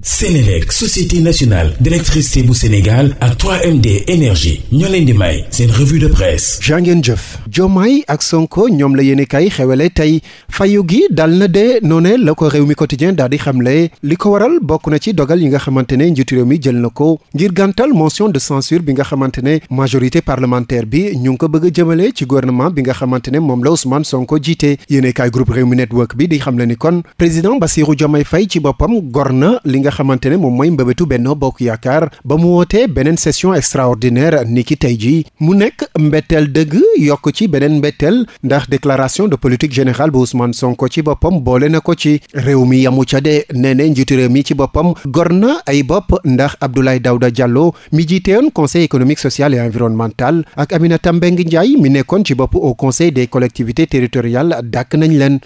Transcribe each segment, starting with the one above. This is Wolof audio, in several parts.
Sénélec société nationale d'électricité bu Sénégal ak 3MD ñoo leen di may seen de presse. jàngeen jëf Diomaye ak Sonko ñoom la yéen kay xewele tey fayo gi dal na de noone la ko réew mi quotidien daal di xamle li ko waral bokk na ci dogal yi nga xamante ne njiitu réew mi jël na ko ngir gàntal motion de censure bi nga xamante ne majorité parlementaire bi ñu ngi ko bëgg a jëmale ci gouvernement bi nga xamante ne moom la Ousmane Sonko jiite yéen kay groupe réew mi network bi di xam xamle ni kon président Bassirou Diomaye Faye ci boppam gor na li nga xamante ne moom mooy mbébétu Benno Bokk Yaakaar ba mu wootee beneen session extraordinaire ni ki tey jii mu nekk mbetteel dëgg yokk ci beneen mbeteel ndax déclaration de politique générale bu Ousmane Sonko ci boppam boole na ko ci réew mi yamu ca de nee ne njiitu réew mi ci boppam gor na ay bopp ndax Abdoulaye Daouda Diallo mi jiiteewoon conseil économique social et environnemental ak Aminata beng Ndiaye mi nekkoon ci bopp au conseil des collectivités territoriales dàkk nañ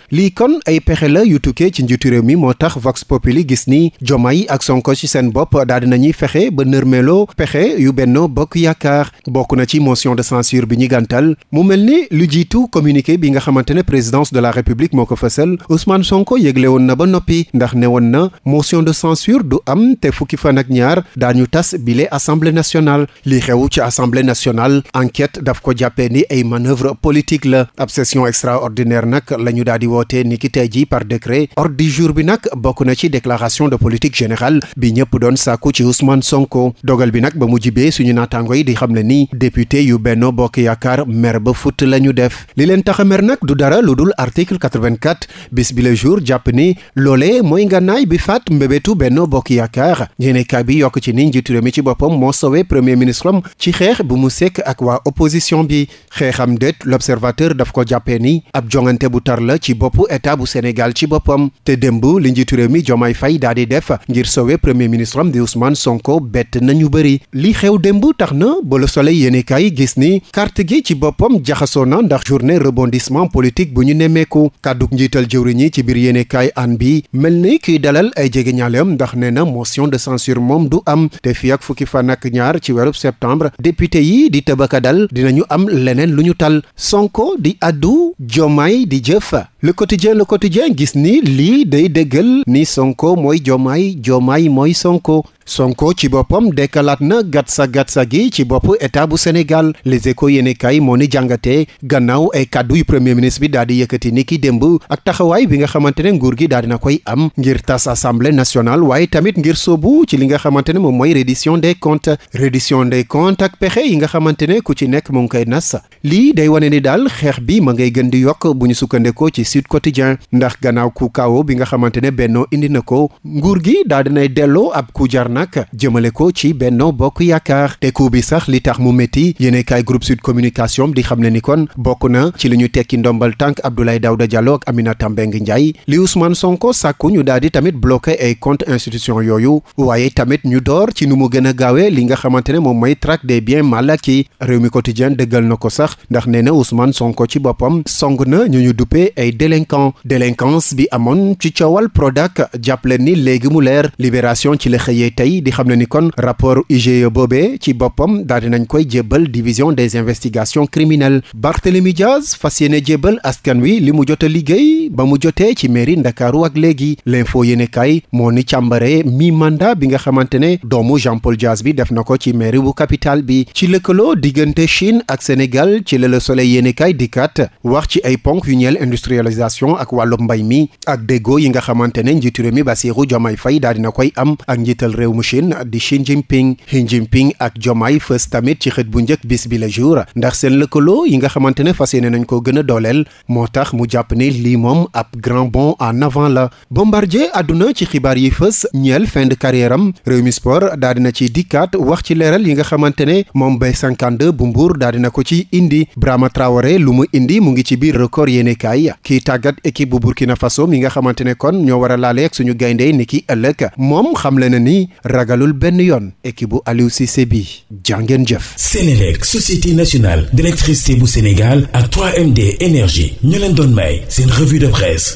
yi ak Sonko ci seen bopp daal di nañuy fexe ba nërmeeloo pexe yu Benno Bokk Yaakaar bokk na ci motion de censure bi ñu gàntal mu mel ni lu jiitu communiqué bi nga xamante ne présidence de la République moo ko fësal Ousmane Sonko yëgle woon na ba noppi ndax ne woon na motion de censure du am te fukki fan ak ñaar daañu tas bile assemblée nationale li xew ci assemblée nationale enquête daf ko jàppee ni ay manœuvre politique la ab session extraordinaire nag la ñu daal di wootee ni ki par décret ordre nag bokk na ci déclaration de politique générale bi ñëpp doon sàkku ci Ousmane Sonko dogal bi nag ba mu jibee suñu naataango yi di xam ne ni député yu Benno Bokk Yaakaar mer ba futt la ñu def li leen tax a mer nag du dara lu dul article 84 bis bi le jour jàpp ni loole mooy ngànnaay bi faat mbébétu Benno Bokk Yaakaar yéenekaay bi yokk ci ni njiitu réew mi ci boppam moo sowe premier ministre ci xeex bu mu sekk ak waa opposition bi xeexam déet l'observateur daf ko jàppee ni ab jongante bu tar la ci boppu état bu Sénégal ci boppam te démb li njiitu réew mi Fay daal di def ngir sowe premier ministre am di Ousmane Sonko bett nañu bëri li xew démb tax na ba le soleil yéenekaay gis ni carte gi ci boppam jaxasoo na ndax journée rebondissement politique bu ñu nemmeeku kàdduk njiital jëwriñ yi ci biir yéenekaay an bi mel ni kiy dalal ay jegeñaaleem ndax nee na motion de censure moom du am te fii ak fukki fan nak ñaar ci weerub septembre député yi di tabaka dal dinañu am leneen lu ñu tal Sonko di addu Jomaay di jëf le quotidien le quotidien gis ni lii day dëggal ni Sonko mooy Diomaye Diomaye mooy Sonko Sonko ci boppam dekkalaat na gatsa gatsa gi ci bopp état bu Sénégal les échos yéene moo ni jàngatee gannaaw ay kàddu yu premier ministre bi daal di yëkkati ni ki démb ak taxawaay bi nga xamante ne nguur gi daal dina koy am ngir tas assemblée nationale waaye tamit ngir soobu ci li nga xamante ne moom mooy reddition des comptes reddition des comptes ak pexe yi nga xamante ne ku ci nekk mu ngi koy nas lii day wane ni daal xeex bi ma ngay gën di yokk bu ñu sukkandekoo ci Sud Quotidien ndax gannaaw ku kaawo bi nga xamante ne bennoo indi na ko nguur gi daal dinay delloo ab ku jar nag jëmale ko ci Benno Bokk Yaakaar te coup bi sax li tax mu métti yéenekaay groupe Sud Communication di xam ne ni kon bokk na ci li ñu tekki ndombal tànk Abdoulaye Daouda jaloo ak Aminata Mbengue Ndiaye li Ousmane Sonko sàkku ñu daal di tamit bloqué ay compte institution yooyu waaye tamit ñu door ci nu mu gën a gaawee li nga xamante ne moom mooy traque des biens mal acquis Rewmi Quotidien dëggal na ko sax ndax nee na Ousmane Sonko ci boppam song na ñu ñu duppee ay délinquant délinquance bi amoon ci coowal Prodac jàpp ni léegi mu leer libération ci la tey di xam ne ni kon rapport IGE boobee ci boppam daal dinañ koy jébbal division des investigations criminelles Barthélémy Diaz fas yéene jébbal askan wi li mu jot liggéey ba mu jotee ci mairie Ndakaaru ak léegi l'info yéene kay moo ni càmbare mi mandat bi nga xamante ne doomu Jean Paul Diaz bi def na ko ci mairie bu capitale bi ci lëkkaloo diggante Chine ak Sénégal ci la Le Soleil yéene kay dikkaat wax ci ay ponk yu ñeel industrialisation ak wàllu mbay mi ak déggoo yi nga xamante ne njiitu mi Bassirou Diomaye Faye daal dina koy am réewum Chine di Xi Jinping ak Jomaay fës tamit ci xët bu njëkk bis bi la jour ndax seen lëkkaloo yi nga xamante ne fas yéene nañ koo gën a dooleel moo tax mu jàpp ni lii moom ab grand bond en avant la Bombardier àdduna ci xibaar yi fës ñeel fin de carrière am Rewmi Sport daal dina ci dikkaat wax ci leeral yi nga xamante ne moom bay 52 bu mbuur daal na ko ci indi Brahma Traoré lu mu indi mu ngi ci biir record yéene kaay kii tàggat équipe bu Burkina Faso mi nga xamante ne kon ñoo war a laale suñu gaynde ni ki ëllëg moom xam le na ni ragalul benn yoon équipe bu Aliou Cissé bi jàngeen jëf Sénélec société nationale d'électricité bu Sénégal ak 3MD énergie ñu leen doon may seen revue de presse